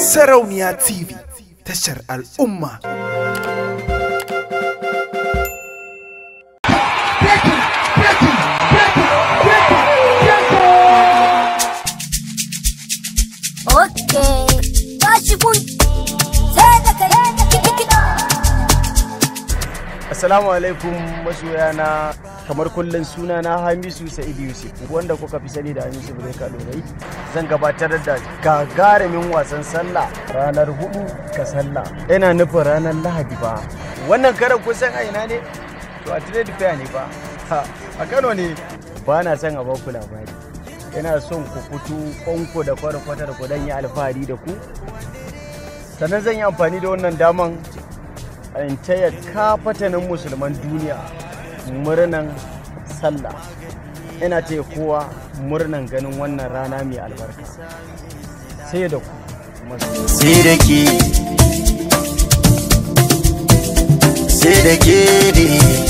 Sarauniya TV tashar al'umma. Okay, tashi kun sai da kai Assalamu alaikum masoyana kamar kullum suna na hamisu sa'id yusuf wanda kuka fi sani da hamisu breka lorai zan gabatar da gagarumin wasan sallah ranar hudu ga sallah yana nufin ranar lahadi ba wannan karan kusan a ina ne to a trade fair ne ba a kano ne ba na son a baku labari yana son ku fito kwanko da kwarkwatar ku don yi alfahari da ku sannan zan yi amfani da wannan daman a intayar kafatanin musulman duniya murnan sallah ina ce kowa murnan ganin wannan rana mai albarka sai da ku sai da ke sai da ke